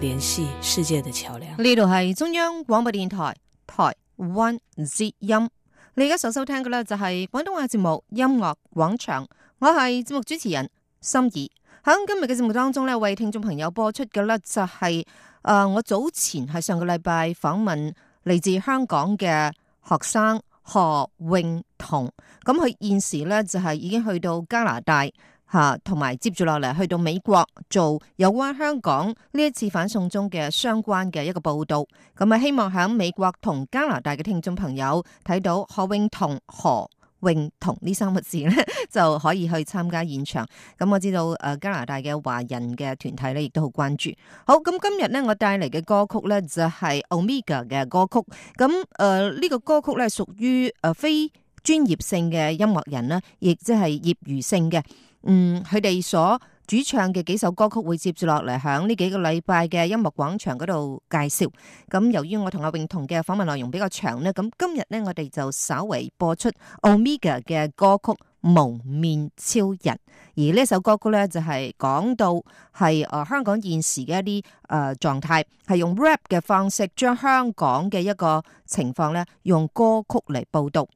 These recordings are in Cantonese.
聯繫世界的橋樑。呢度係中央廣播電台台 o n 之音。你而家所收聽嘅呢，就係廣東話節目《音樂廣場》，我係節目主持人心怡。喺今日嘅節目當中呢，為聽眾朋友播出嘅呢、就是，就係誒，我早前係上個禮拜訪問嚟自香港嘅學生何穎彤，咁佢現時呢，就係已經去到加拿大。吓，同埋接住落嚟去到美國做有關香港呢一次反送中嘅相關嘅一個報道。咁啊，希望喺美國同加拿大嘅聽眾朋友睇到何泳彤、何泳彤呢三個字咧，就可以去參加現場。咁我知道誒，加拿大嘅華人嘅團體咧，亦都好關注。好咁，今日呢，我帶嚟嘅歌曲咧就係 Omega 嘅歌曲。咁、呃、誒，呢、這個歌曲咧屬於誒非專業性嘅音樂人啦，亦即係業餘性嘅。嗯，佢哋所主唱嘅幾首歌曲會接住落嚟響呢幾個禮拜嘅音樂廣場嗰度介紹。咁由於我同阿泳彤嘅訪問內容比較長呢，咁今日呢，我哋就稍微播出 Omega 嘅歌曲《幪面超人》，而呢首歌曲呢，就係、是、講到係誒香港現時嘅一啲誒狀態，係用 rap 嘅方式將香港嘅一個情況呢，用歌曲嚟報道。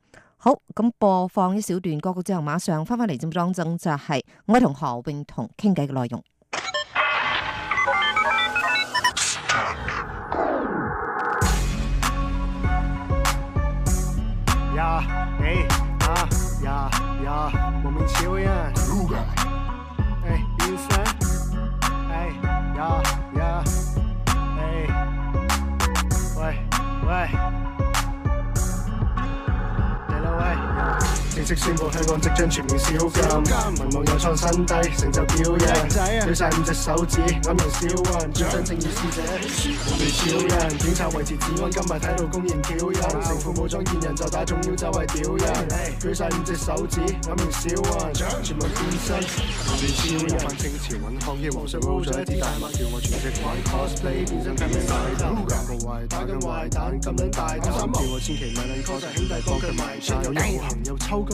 好，咁播放一小段歌曲之後，馬上翻返嚟正正就係、是、我同何泳彤傾偈嘅內容。即宣布香港即將全面少人，民望又創新低，成就表揚。舉曬五隻手指，啱人少人，最真正熱士者。少人，警察維持治安，今日睇到公然挑釁，成副武裝見人就打，仲要周圍屌人。舉曬五隻手指，啱人少人，全民健身。少人，翻清朝揾康熙皇室，roll 咗一啲大物，叫我全職玩。cosplay 變身變曬膽，扮個壞蛋，打緊壞蛋，咁樣大膽。叫我千祈萬緊，確實兄弟幫佢賣。有一個行又抽筋。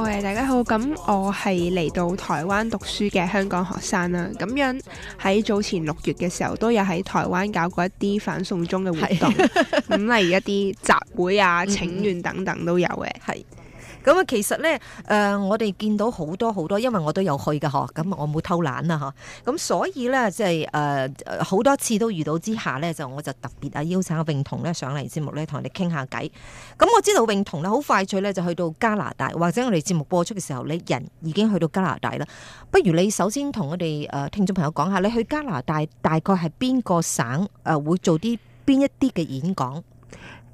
Hey, 大家好，咁我係嚟到台灣讀書嘅香港學生啦，咁樣喺早前六月嘅時候，都有喺台灣搞過一啲反送中嘅活動，咁例是 如一啲集會啊、請願等等都有嘅，係、嗯。咁啊，其實咧，誒、呃，我哋見到好多好多，因為我都有去嘅嗬，咁我冇偷懶啦嗬，咁所以咧，即係誒好多次都遇到之下咧，就我就特別啊邀請阿泳彤咧上嚟節目咧，同人哋傾下偈。咁我知道泳彤咧好快脆咧就去到加拿大，或者我哋節目播出嘅時候你人已經去到加拿大啦。不如你首先同我哋誒聽眾朋友講下，你去加拿大大概係邊個省誒會做啲邊一啲嘅演講？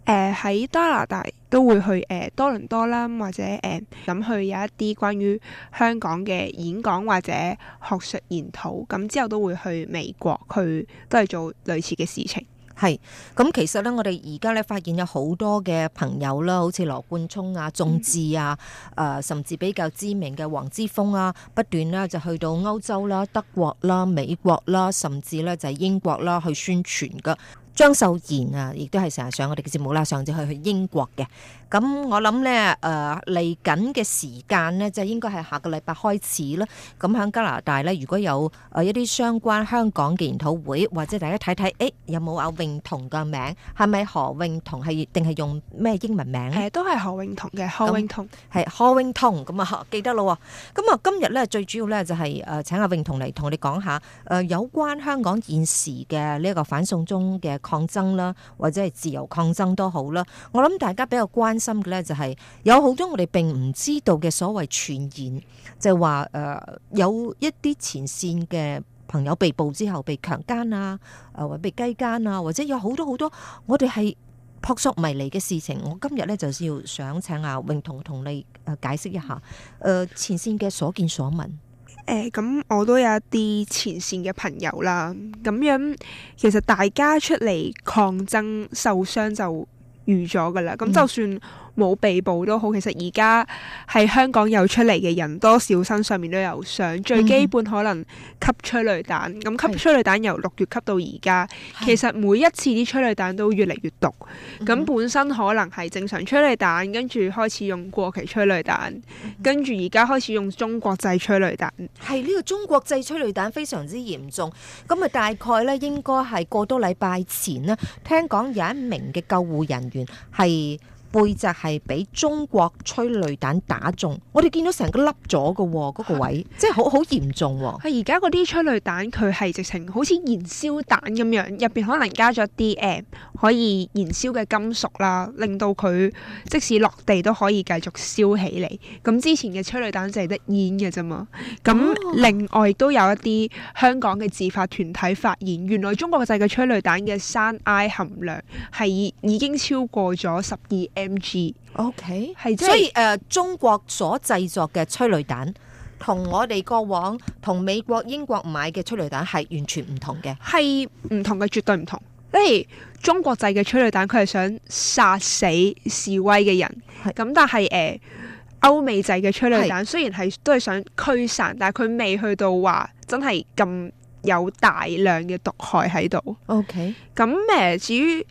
誒，喺加拿大都會去誒、呃、多倫多啦，或者誒咁、呃、去有一啲關於香港嘅演講或者學術研討，咁之後都會去美國，去都係做類似嘅事情。係，咁其實呢，我哋而家咧發現有好多嘅朋友啦，好似羅冠聰啊、眾志啊、誒、嗯呃，甚至比較知名嘅黃之鋒啊，不斷咧就去到歐洲啦、德國啦、美國啦，甚至咧就係、是、英國啦去宣傳噶。張秀賢啊，亦都係成日上我哋嘅節目啦，上次去去英國嘅。咁我諗咧，誒嚟緊嘅時間呢，就、呃、係應該係下個禮拜開始啦。咁喺加拿大呢，如果有誒一啲相關香港嘅研討會，或者大家睇睇，誒、欸、有冇阿泳彤嘅名？係咪何泳彤？係定係用咩英文名都係何泳彤嘅，何泳彤係何泳彤。咁啊，記得咯。咁、嗯、啊，今日呢，最主要呢，就係誒，請阿泳彤嚟同我哋講下誒、呃、有關香港現時嘅呢一個反送中嘅抗爭啦，或者係自由抗爭都好啦。我諗大家比較關。心嘅咧、就是，就係有好多我哋並唔知道嘅所謂傳言，就係話誒有一啲前線嘅朋友被捕之後被強姦啊，誒、呃、或被雞姦啊，或者有好多好多我哋係撲朔迷離嘅事情。我今日咧就要想請阿、啊、泳彤同你誒解釋一下誒、呃、前線嘅所見所聞。誒、欸，咁我都有一啲前線嘅朋友啦。咁樣其實大家出嚟抗爭受傷就。預咗噶啦，咁就算、嗯。冇被捕都好，其實而家喺香港有出嚟嘅人，多少身上面都有傷。最基本可能吸催淚彈，咁、嗯、哼吸催淚彈由六月吸到而家，是其實每一次啲催淚彈都越嚟越毒。咁、嗯、哼本身可能係正常催淚彈，跟住開始用過期催淚彈，嗯、哼跟住而家開始用中國製催淚彈。係呢、這個中國製催淚彈非常之嚴重。咁啊，大概咧應該係過多禮拜前啦，聽講有一名嘅救護人員係。背脊係俾中國催淚彈打中，我哋見到成個凹咗嘅喎，嗰、嗰個位即係好好嚴重喎、哦。而家嗰啲催淚彈佢係直情好似燃燒彈咁樣，入邊可能加咗啲誒可以燃燒嘅金屬啦，令到佢即使落地都可以繼續燒起嚟。咁之前嘅催淚彈就係得煙嘅啫嘛。咁另外都有一啲香港嘅自發團體發現，原來中國製嘅催淚彈嘅山埃含量係已、已經超過咗十二 M Mg，OK，Okay .係、即係、所以誒、呃，中國所製作嘅催淚彈，同我哋過往同美國、英國買嘅催淚彈係完全唔同嘅，係唔同嘅，絕對唔同。例如中國製嘅催淚彈，佢係想殺死示威嘅人，咁的但係誒，歐、呃、美製嘅催淚彈的雖然係都係想驅散，但係佢未去到話真係咁有大量嘅毒害喺度。OK，咁誒、呃，至於。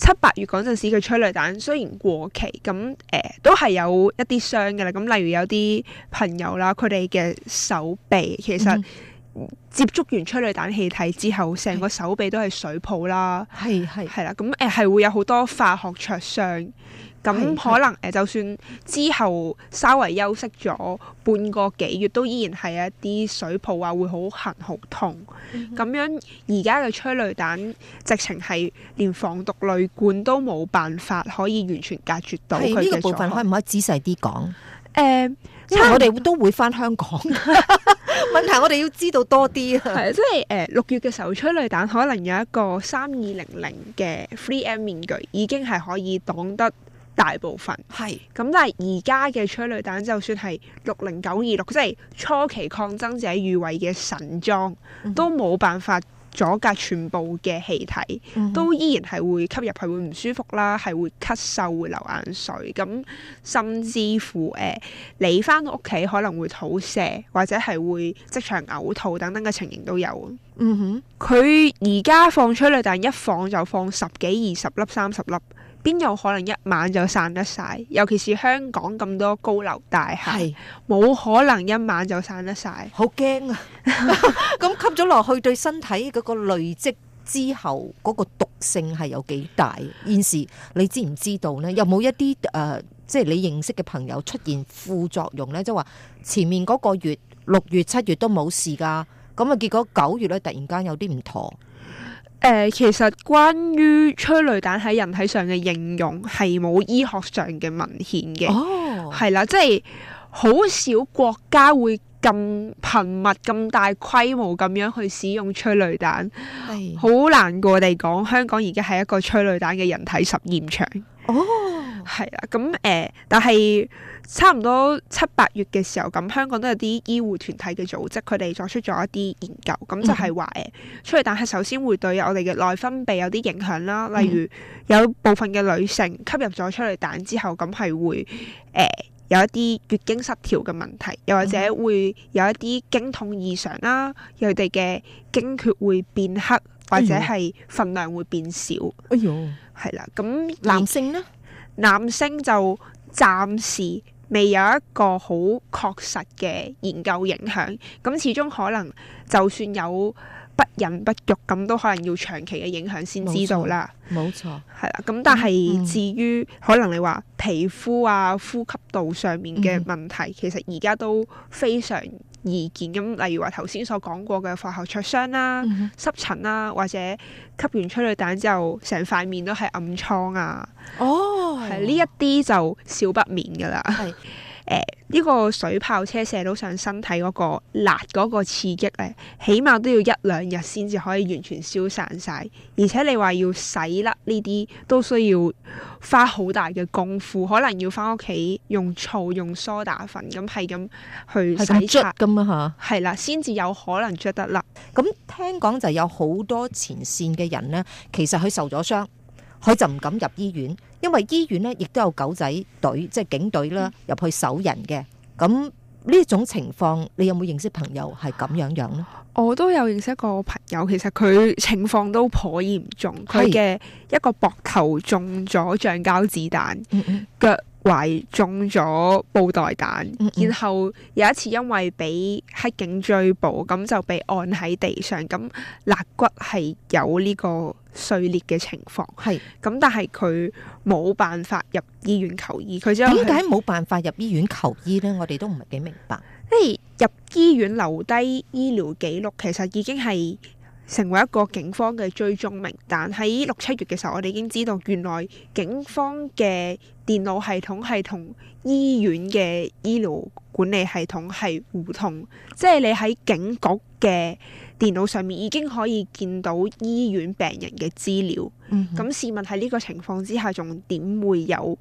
七八月嗰陣時，嘅催淚彈雖然過期，咁誒、呃、都係有一啲傷㗎啦。咁例如有啲朋友啦，佢哋嘅手臂其實、嗯嗯、接觸完催淚彈氣體之後，成個手臂都係水泡啦。係係係啦，咁誒係會有好多化學灼傷。咁可能誒，就算之後稍微休息咗半個幾月，都依然係一啲水泡啊，會好痕好痛。咁、嗯、哼樣而家嘅催淚彈直情係連防毒濾罐都冇辦法可以完全隔絕到佢嘅、這個、部分，可唔可以仔細啲講？誒、欸，嗯、我哋都會翻香港。問 題我哋要知道多啲啊，係啊，即係誒六月嘅時候，催淚彈可能有一個三二零零嘅 free M 面具已經係可以擋得。大部分係咁，是但係而家嘅催淚彈就算係六零九二六，即係初期抗爭者預備嘅神裝，mm hmm. 都冇辦法阻隔全部嘅氣體，mm hmm. 都依然係會吸入，係會唔舒服啦，係會咳嗽、會流眼水，咁甚至乎誒、呃，你翻到屋企可能會肚瀉，或者係會即場嘔吐等等嘅情形都有。哼、mm，佢而家放催淚彈一放就放十幾、二十粒、三十粒。邊有可能一晚就散得晒？尤其是香港咁多高樓大廈，冇是可能一晚就散得晒。好驚啊！咁 吸咗落去，對身體嗰個累積之後嗰、嗰個毒性係有幾大？現時你知唔知道呢？有冇一啲誒、呃，即係你認識嘅朋友出現副作用呢？即係話前面嗰個月六月、七月都冇事噶，咁啊，結果九月咧，突然間有啲唔妥。誒、呃，其實關於催淚彈喺人體上嘅應用係冇醫學上嘅文獻嘅，係啦、oh.，即係好少國家會咁頻密、咁大規模咁樣去使用催淚彈，係好、oh. 難過地講，香港而家係一個催淚彈嘅人體實驗場。Oh. 係啦，咁誒、嗯，但係差唔多七八月嘅時候，咁香港都有啲醫護團體嘅組織，佢哋作出咗一啲研究，咁、嗯、就係話誒，催、呃、淚彈係首先會對我哋嘅內分泌有啲影響啦，例如有部分嘅女性吸入咗催淚彈之後，咁係會誒、呃、有一啲月經失調嘅問題，又或者會有一啲經痛異常啦，佢哋嘅經血會變黑，或者係份量會變少。哎喲呦，係啦，咁、嗯哎嗯、男性呢？男性就暫時未有一個好確實嘅研究影響，咁始終可能就算有不孕不育咁，都可能要長期嘅影響先知道啦。冇錯，係啦。咁但係至於可能你話皮膚啊、呼吸道上面嘅問題，嗯、其實而家都非常，意見咁，例如話頭先所講過嘅化學灼傷啦、嗯、哼濕疹啦、啊，或者吸完催淚彈之後成塊面都係暗瘡啊，哦，係呢一啲就少不免噶啦。係。誒，呢個水炮車射到上身體嗰個辣嗰個刺激咧，起碼都要一兩日先至可以完全消散晒。而且你話要洗甩呢啲，都需要花好大嘅功夫，可能要翻屋企用醋、用梳打粉咁係咁去洗擦咁啊吓。係啦，先至有可能捽得甩。咁聽講就有好多前綫嘅人咧，其實佢受咗傷，佢就唔敢入醫院。因為醫院咧，亦都有狗仔隊，即係警隊啦，入去搜人嘅。咁呢種情況，你有冇認識朋友係咁樣樣咧？我都有認識一個朋友，其實佢情況都頗嚴重，佢嘅是一個膊頭中咗橡膠子彈，嘅、嗯嗯。腳懷中咗布袋彈，嗯嗯，然後有一次因為俾黑警追捕，咁就被按喺地上，咁肋骨係有呢個碎裂嘅情況。係咁是，但係佢冇辦法入醫院求醫，佢就是，點解冇辦法入醫院求醫呢？我哋都唔係幾明白。即係入醫院留低醫療記錄，其實已經係成為一個警方嘅追蹤名單。但喺六七月嘅時候，我哋已經知道原來警方嘅。電腦系統係同醫院嘅醫療管理系統係互通，即係你喺警局嘅電腦上面已經可以見到醫院病人嘅資料。咁試問喺呢個情況之下，仲點會有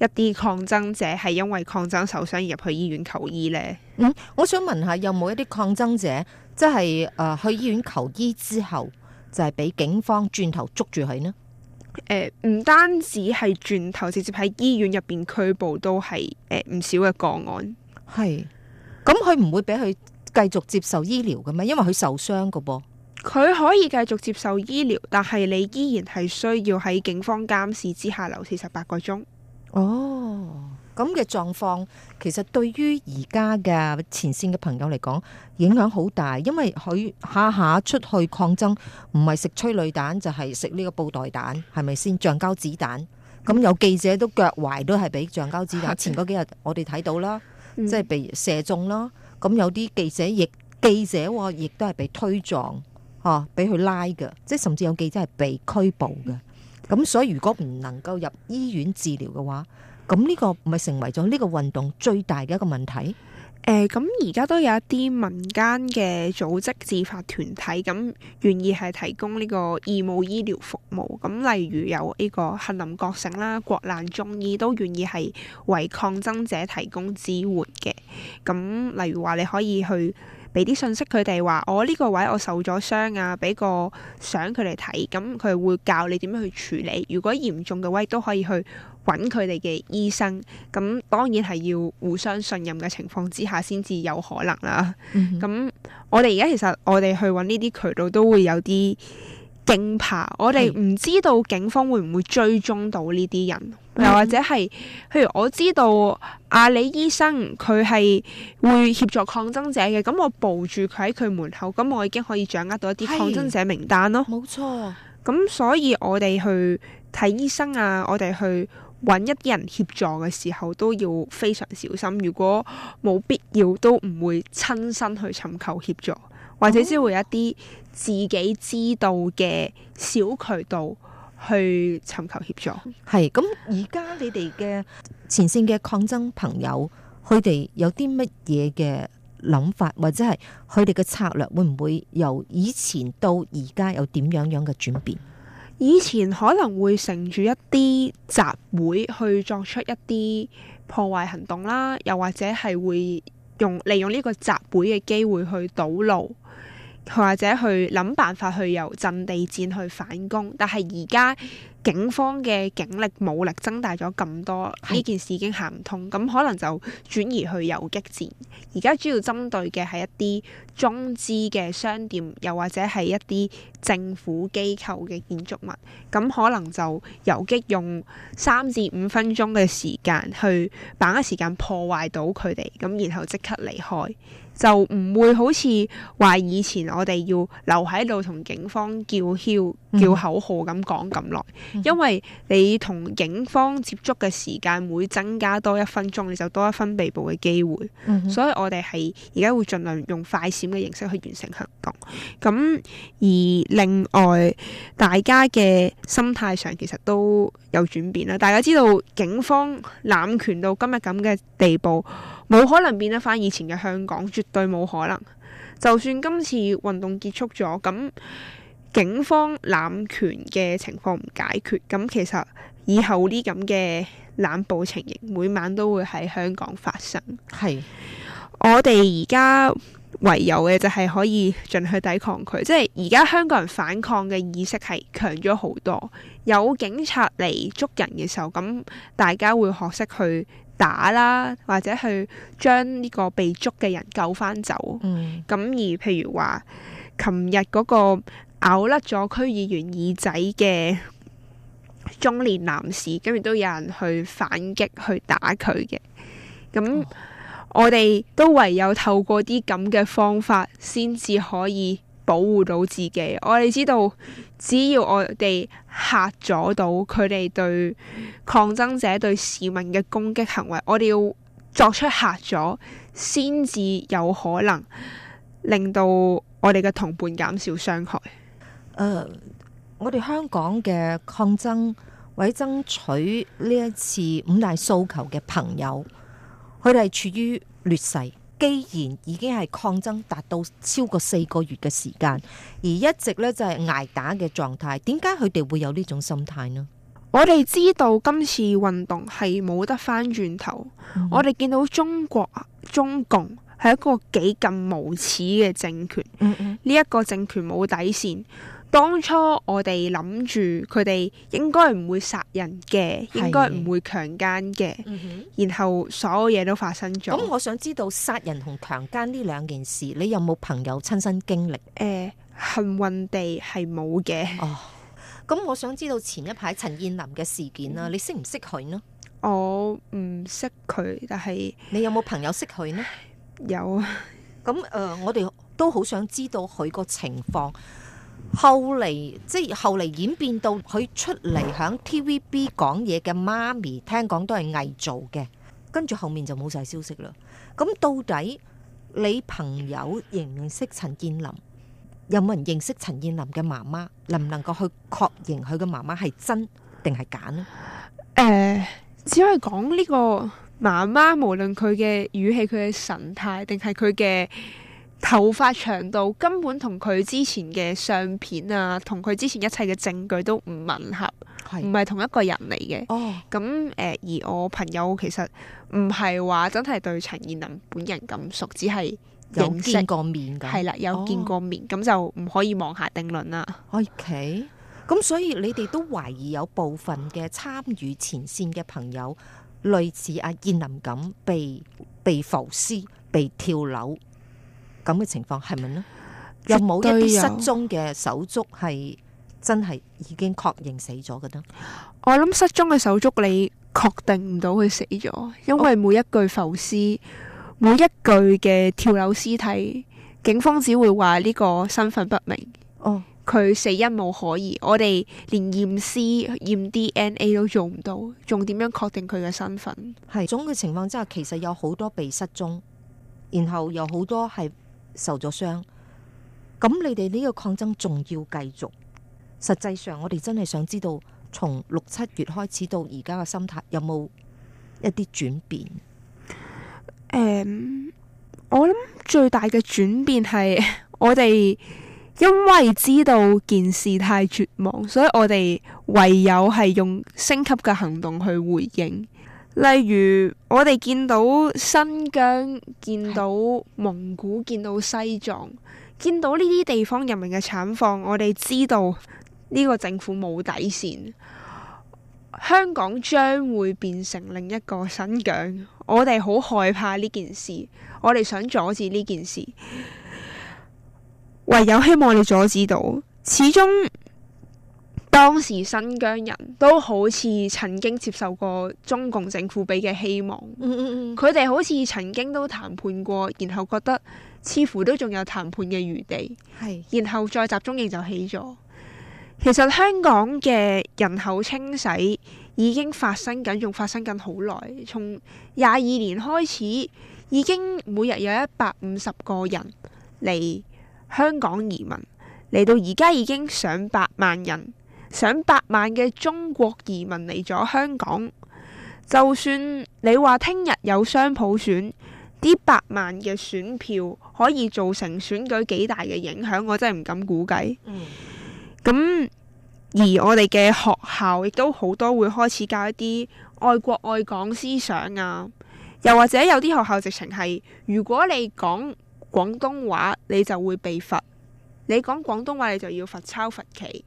一啲抗爭者係因為抗爭受傷而入去醫院求醫呢？嗯，我想問下，有冇一啲抗爭者即係誒去醫院求醫之後，就係俾警方轉頭捉住佢呢？呃，唔單止係轉頭，直接喺醫院入邊拘捕都係誒唔少嘅個案。係，咁佢唔會俾佢繼續接受醫療嘅咩？因為佢受傷㗎噃，佢可以繼續接受醫療，但係你依然係需要喺警方監視之下留四十八個鐘。哦。咁嘅狀況，其實對於而家嘅前線嘅朋友嚟講，影響好大，因為佢下下出去抗爭，唔係食催淚彈，就係食呢個布袋彈，係咪先？橡膠子彈，咁有記者都腳踝都係俾橡膠子彈。前嗰幾日我哋睇到啦，即係被射中啦。咁有啲記者亦記者亦都係被推撞，嚇俾佢拉嘅，即係甚至有記者係被拘捕嘅。咁所以如果唔能夠入醫院治療嘅話，咁呢個唔係成為咗呢個運動最大嘅一個問題？誒、呃，咁而家都有一啲民間嘅組織自發團體，咁願意係提供呢個義務醫療服務。咁例如有呢個杏林覺醒啦、國難中醫都願意係為抗爭者提供支援嘅。咁例如話，你可以去俾啲信息佢哋話，我、哦、呢、這個位我受咗傷啊，俾個相佢哋睇，咁佢會教你點樣去處理。如果嚴重嘅位都可以去。揾佢哋嘅醫生，咁當然係要互相信任嘅情況之下，先至有可能啦。咁、嗯、哼我哋而家其實我哋去揾呢啲渠道都會有啲驚怕，我哋唔知道警方會唔會追蹤到呢啲人，又是或者係，譬如我知道阿里醫生佢係會協助抗爭者嘅，咁我步住佢喺佢門口，咁我已經可以掌握到一啲抗爭者名單咯。冇錯，咁所以我哋去睇醫生啊，我哋去揾一啲人協助嘅時候都要非常小心，如果冇必要都唔會親身去尋求協助，或者只會有一啲自己知道嘅小渠道去尋求協助。係咁、哦，而家、嗯嗯、你哋嘅前線嘅抗爭朋友，佢哋有啲乜嘢嘅諗法，或者係佢哋嘅策略會唔會由以前到而家有點樣樣嘅轉變？以前可能會乘住一啲集會去作出一啲破壞行動啦，又或者係會用，利用呢個集會嘅機會去堵路。或者去諗辦法去由陣地戰去反攻，但係而家警方嘅警力武力增大咗咁多，呢、嗯、件事已經行唔通，咁可能就轉移去游擊戰。而家主要針對嘅係一啲中資嘅商店，又或者係一啲政府機構嘅建築物，咁可能就游擊用三至五分鐘嘅時間去把握時間破壞到佢哋，咁然後即刻離開。就唔會好似話以前我哋要留喺度同警方叫囂、嗯、哼叫口號咁講咁耐，嗯、哼因為你同警方接觸嘅時間會增加多一分鐘，你就多一分被捕嘅機會。嗯、哼所以我哋係而家會盡量用快閃嘅形式去完成行動。咁而另外，大家嘅心態上其實都有轉變啦。大家知道警方濫權到今日咁嘅地步。冇可能變得翻以前嘅香港，絕對冇可能。就算今次運動結束咗，咁警方濫權嘅情況唔解決，咁其實以後啲咁嘅濫暴情形，每晚都會喺香港發生。係是，我哋而家唯有嘅就係可以盡去抵抗佢，即係而家香港人反抗嘅意識係強咗好多。有警察嚟捉人嘅時候，咁大家會學識去打啦，或者去將呢個被捉嘅人救翻走。咁、嗯、而譬如話琴日嗰個咬甩咗區議員耳仔嘅中年男士，跟住都有人去反擊去打佢嘅。咁、哦、我哋都唯有透過啲咁嘅方法，先至可以。保護到自己，我哋知道，只要我哋嚇阻到佢哋，對抗爭者、對市民嘅攻擊行為，我哋要作出嚇阻，先至有可能令到我哋嘅同伴減少傷害。誒，uh, 我哋香港嘅抗爭，為爭取呢一次五大訴求嘅朋友，佢哋係處於劣勢。既然已經係抗爭達到超過四個月嘅時間，而一直咧就係、是、捱打嘅狀態，點解佢哋會有呢種心態呢？我哋知道今次運動係冇得翻轉頭，mm hmm. 我哋見到中國中共係一個幾咁無恥嘅政權，呢一、mm hmm. 個政權冇底線。當初我哋諗住佢哋應該唔會殺人嘅，是應該唔會強奸嘅，嗯、哼然後所有嘢都發生咗。咁我想知道殺人同強奸呢兩件事，你有冇朋友親身經歷？誒、呃，幸運地係冇嘅。哦，咁我想知道前一排陳彥霖嘅事件啊，嗯、你認認識唔識佢呢？我唔識佢，但係你有冇朋友識佢呢？有啊。咁誒、呃，我哋都好想知道佢個情況。後嚟即係後嚟演變到佢出嚟響 TVB 講嘢嘅媽咪，聽講都係偽造嘅，跟住後面就冇晒消息啦。咁到底你朋友認唔認識陳彥霖？有冇人認識陳彥霖嘅媽媽？能唔能夠去確認佢嘅媽媽係真定係假咧？誒，只可以講呢個媽媽，無論佢嘅語氣、佢嘅神態，定係佢嘅。頭髮長度根本同佢之前嘅相片啊，同佢之前一切嘅證據都唔吻合，唔係的同一個人嚟嘅。咁誒、哦呃，而我朋友其實唔係話真係對陳燕林本人咁熟，只係認識有見過面噶，係啦，有見過面，咁、哦、就唔可以妄下定論啦。O K，咁所以你哋都懷疑有部分嘅參與前線嘅朋友類似阿、啊、燕林咁被被浮屍、被跳樓。咁嘅情況係咪呢？有冇一啲失蹤嘅手足係真係已經確認死咗嘅咧？我諗失蹤嘅手足你確定唔到佢死咗，因為每一具浮屍、每一具嘅跳樓屍體，警方只會話呢個身份不明。哦，佢死因冇可疑，我哋連驗屍、驗 DNA 都做唔到，仲點樣確定佢嘅身份？係總嘅情況之下，其實有好多被失蹤，然後有好多係。受咗傷，咁你哋呢個抗爭仲要繼續？實際上，我哋真係想知道從，從六七月開始到而家嘅心態有冇一啲轉變？嗯，我諗最大嘅轉變係我哋因為知道件事太絕望，所以我哋唯有係用升級嘅行動去回應。例如，我哋見到新疆，見到蒙古，見到西藏，見到呢啲地方人民嘅慘況，我哋知道呢個政府冇底線。香港將會變成另一個新疆，我哋好害怕呢件事，我哋想阻止呢件事，唯有希望你阻止到，始終。當時新疆人都好似曾經接受過中共政府俾嘅希望，佢哋 好似曾經都談判過，然後覺得似乎都仲有談判嘅餘地，是然後再集中營就起咗。其實香港嘅人口清洗已經發生緊，仲發生緊好耐，從廿二年開始已經每日有一百五十個人嚟香港移民，嚟到而家已經上百萬人。上百萬嘅中國移民嚟咗香港，就算你話聽日有雙普選，啲百萬嘅選票可以造成選舉幾大嘅影響，我真係唔敢估計。嗯，咁而我哋嘅學校亦都好多會開始教一啲愛國愛港思想啊，又或者有啲學校直情係，如果你講廣東話，你就會被罰；你講廣東話，你就要罰抄罰企。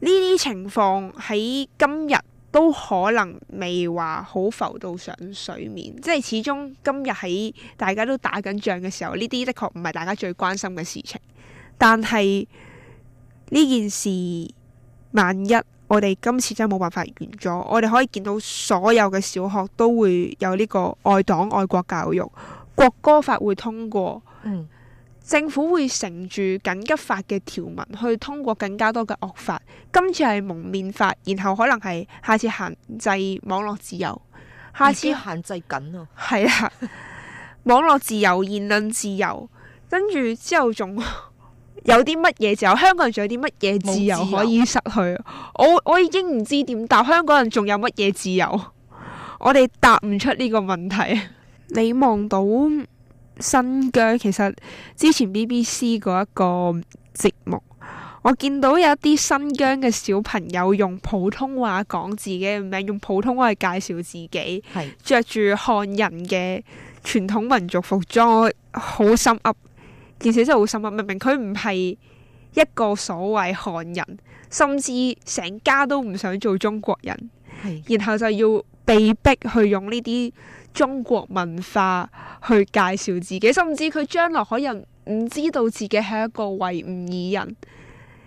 呢啲情況喺今日都可能未話好浮到上水面，即係始終今日喺大家都打緊仗嘅時候，呢啲的確唔係大家最關心嘅事情。但係呢件事，萬一我哋今次真係冇辦法完咗，我哋可以見到所有嘅小學都會有呢個愛黨愛國教育，國歌法會通過。嗯政府會乘住緊急法嘅條文去通過更加多嘅惡法，今次係蒙面法，然後可能係下次限制網絡自由，下次限制緊啊！係啦，網絡自由、言論自由，跟住之後仲 有啲乜嘢自由？香港人仲有啲乜嘢自由可以失去？我我已經唔知點答，香港人仲有乜嘢自由？我哋答唔出呢個問題。 你望到？新疆，其實之前 BBC 嗰一個節目，我見到有一啲新疆嘅小朋友用普通話講自己嘅名，用普通話嚟介紹自己，係是着住漢人嘅傳統民族服裝，好深噏，件事真係好深噏。明明佢唔係一個所謂漢人，甚至成家都唔想做中國人，是然後就要被逼去用呢啲。中國文化去介紹自己，甚至佢將來可能唔知道自己係一個維吾爾人，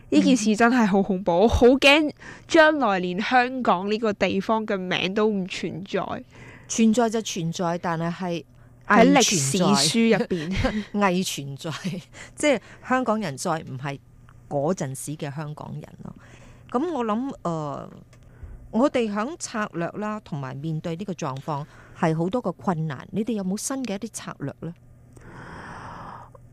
呢、嗯、件事真係好恐怖，我好驚將來連香港呢個地方嘅名都唔存在，存在就存在，但係係喺歷史書入邊偽存在，即係香港人再唔係嗰陣時嘅香港人咯。咁我諗誒。呃我哋響策略啦，同埋面對呢個狀況，係好多個困難，你哋有冇新嘅一啲策略咧？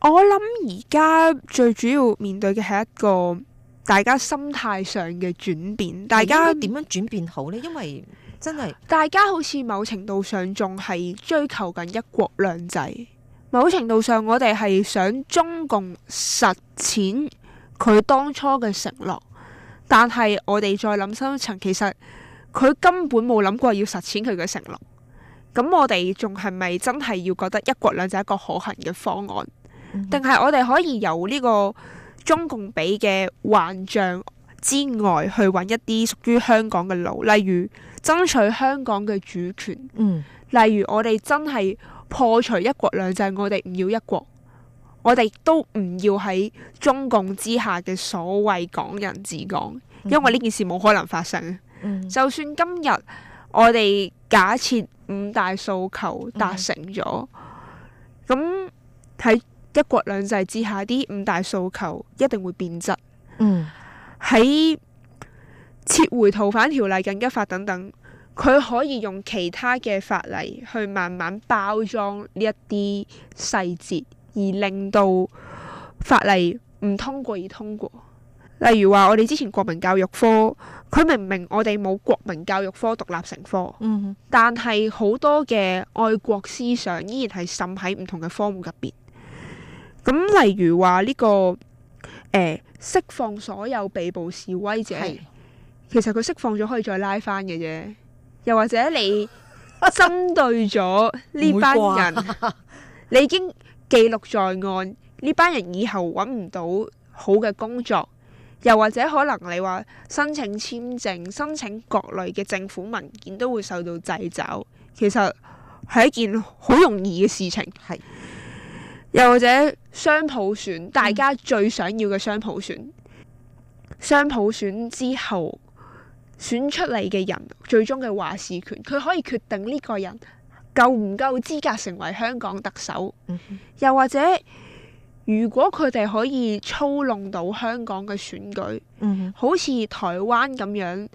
我諗而家最主要面對嘅係一個大家心態上嘅轉變，大家點樣轉變好咧？因為真係大家好似某程度上仲係追求緊一國兩制。某程度上，我哋係想中共實踐佢當初嘅承諾。但係我哋再諗深一層，其實佢根本冇諗過要實踐佢嘅承諾。咁我哋仲係咪真係要覺得一國兩制一個可行嘅方案？定係，mm hmm. 我哋可以由呢個中共俾嘅幻象之外，去揾一啲屬於香港嘅路？例如爭取香港嘅主權，mm hmm. 例如我哋真係破除一國兩制，我哋唔要一國。我哋都唔要喺中共之下嘅所謂港人治港，因為呢件事冇可能發生。嗯、就算今日我哋假設五大訴求達成咗，咁喺、嗯、一國兩制之下，啲五大訴求一定會變質。喺、嗯、撤回逃犯條例緊急法等等，佢可以用其他嘅法例去慢慢包裝呢一啲細節。而令到法例唔通過而通過，例如話我哋之前國民教育科，佢明明我哋冇國民教育科獨立成科，嗯、哼但係好多嘅愛國思想依然係滲喺唔同嘅科目入邊。咁例如話呢、這個誒，釋、呃、放所有被捕示威者，是其實佢釋放咗可以再拉返嘅啫。又或者你針對咗呢班人， 吧你已經。記錄在案，呢班人以後揾唔到好嘅工作，又或者可能你話申請簽證、申請各類嘅政府文件都會受到掣肘。其實係一件好容易嘅事情。係是，又或者雙普選，嗯、大家最想要嘅雙普選，雙普選之後選出嚟嘅人，最終嘅話事權，佢可以決定呢個人。夠唔夠資格成為香港特首？嗯、哼又或者，如果佢哋可以操弄到香港嘅選舉，嗯、哼好似台灣咁樣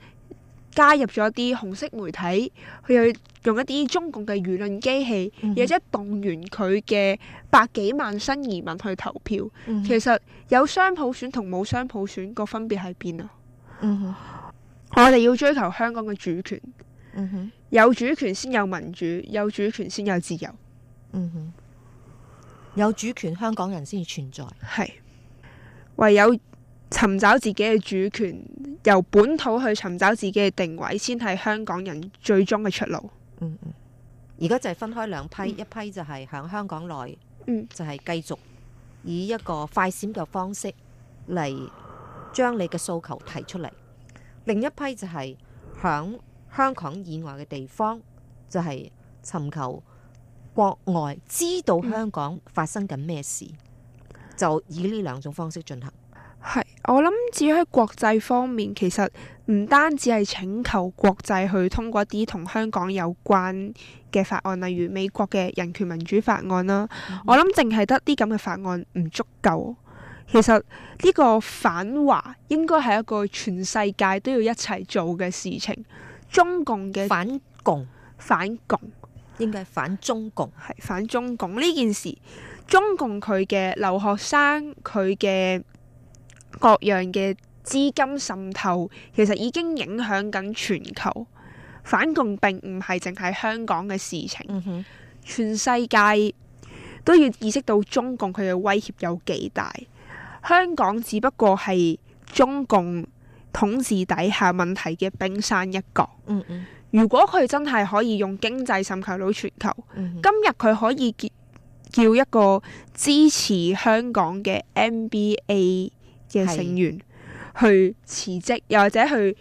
加入咗啲紅色媒體，佢用一啲中共嘅輿論機器，又、嗯、哼或者動員佢嘅百幾萬新移民去投票，嗯、哼其實有雙普選同冇雙普選個分別喺邊啊？嗯、哼我哋要追求香港嘅主權。嗯有主權先有民主，有主權先有自由。嗯哼，有主權香港人先存在。係唯有尋找自己嘅主權，由本土去尋找自己嘅定位，先係香港人最終嘅出路。而家、嗯、就係分開兩批，嗯、一批就係響香港內，嗯、就係繼續以一個快閃嘅方式嚟將你嘅訴求提出嚟。另一批就係響。香港以外嘅地方就係、是、尋求國外知道香港發生緊咩事，嗯、就以呢兩種方式進行。係我諗，至於喺國際方面，其實唔單止係請求國際去通過一啲同香港有關嘅法案，例如美國嘅人權民主法案啦。嗯、我諗淨係得啲咁嘅法案唔足夠。其實呢個反華應該係一個全世界都要一齊做嘅事情。中共嘅反共，反共，應該反中共，係 反中共呢件事。中共佢嘅留學生，佢嘅各樣嘅資金滲透，其實已經影響緊全球。反共並唔係淨係香港嘅事情，嗯、哼全世界都要意識到中共佢嘅威脅有幾大。香港只不過係中共。統治底下問題嘅冰山一角。嗯嗯，如果佢真係可以用經濟滲求到全球，嗯、哼今日佢可以叫一個支持香港嘅 NBA 嘅成員去辭職，又或者去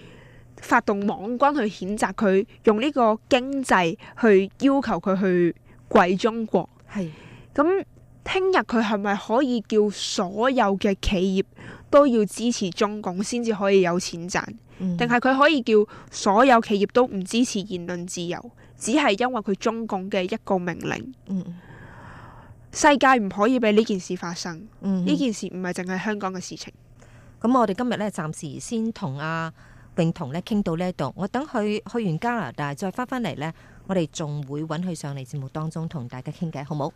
發動網軍去譴責佢，用呢個經濟去要求佢去跪中國。係是，咁。聽日佢係咪可以叫所有嘅企業都要支持中共先至可以有錢賺？定係佢可以叫所有企業都唔支持言論自由？只係因為佢中共嘅一個命令？嗯、哼世界唔可以俾呢件事發生。呢、嗯、哼件事唔係淨係香港嘅事情。咁、嗯、哼我哋今日咧暫時先同阿泳彤咧傾到呢一度。我等佢去，去完加拿大再翻返嚟呢，我哋仲會揾佢上嚟節目當中同大家傾偈，好冇？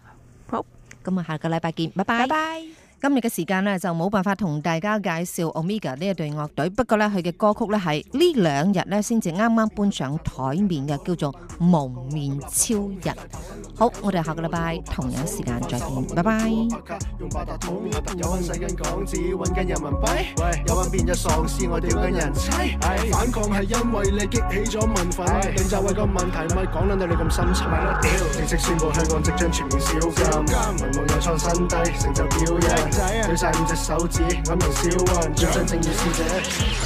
好。咁啊，下個禮拜見，拜拜拜拜。今日嘅時間呢，就冇辦法同大家介紹 Omega 呢一隊樂隊，不過呢，佢嘅歌曲呢，係呢兩日呢先至啱啱搬上台面嘅，叫做《幪面超人》。好，我哋下個禮拜同樣時間再見，拜拜。舉晒五隻手指，幪面小混，最真正要試者。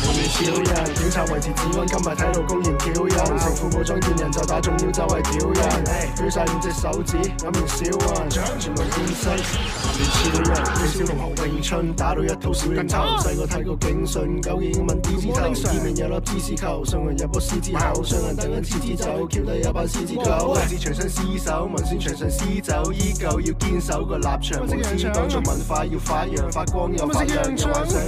幪面小人，警察維持治安，今日睇到公然挑釁。政府武裝見人就打，仲要走位屌人。舉晒五隻手指，幪面小混，全部變西。幪面小人，小龍學詠春，打到一套小人頭。細個睇過警訊，究竟問點知？頭耳面有粒 P C 球，上面有波獅子口，上面瞪緊獅子走」。橋底有把獅子狗」。柳，自牆上撕手，文線牆上撕走，依舊要堅守個立場。無知當作文化。要發揚發光又發亮，又幻想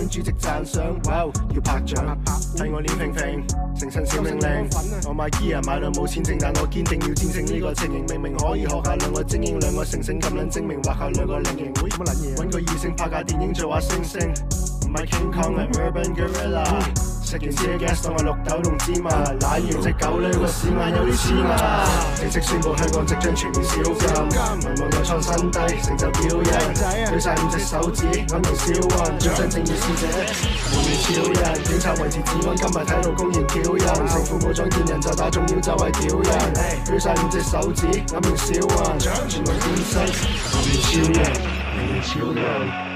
主席讚賞 Wow 要拍掌，替、嗯、我臉平平，成身小命令。我買 gear 買兩冇錢剩，但我堅定要戰勝呢個情形。明明可以學下兩個精英，兩個成星咁撚精明，咁樣證明，畫下兩個靈形會。揾、哎、個異性拍下電影，做下星星。唔係 King Kong，係、嗯 like、Urban Guerrilla、嗯食完車 gas 送下綠豆同芝麻，懶完隻狗女個屎眼有啲黐牙。正式宣布香港即將全面宵禁，民望再創新低，成就屌人。舉晒五隻手指，揞住小雲，做真正嘅使者。幪面超人，警察維持治安，今日睇到公然屌人，成父母撞見人就打，仲要就係屌人。舉晒五隻手指，揞住小雲，將全部變身，幪面超人，幪面超人。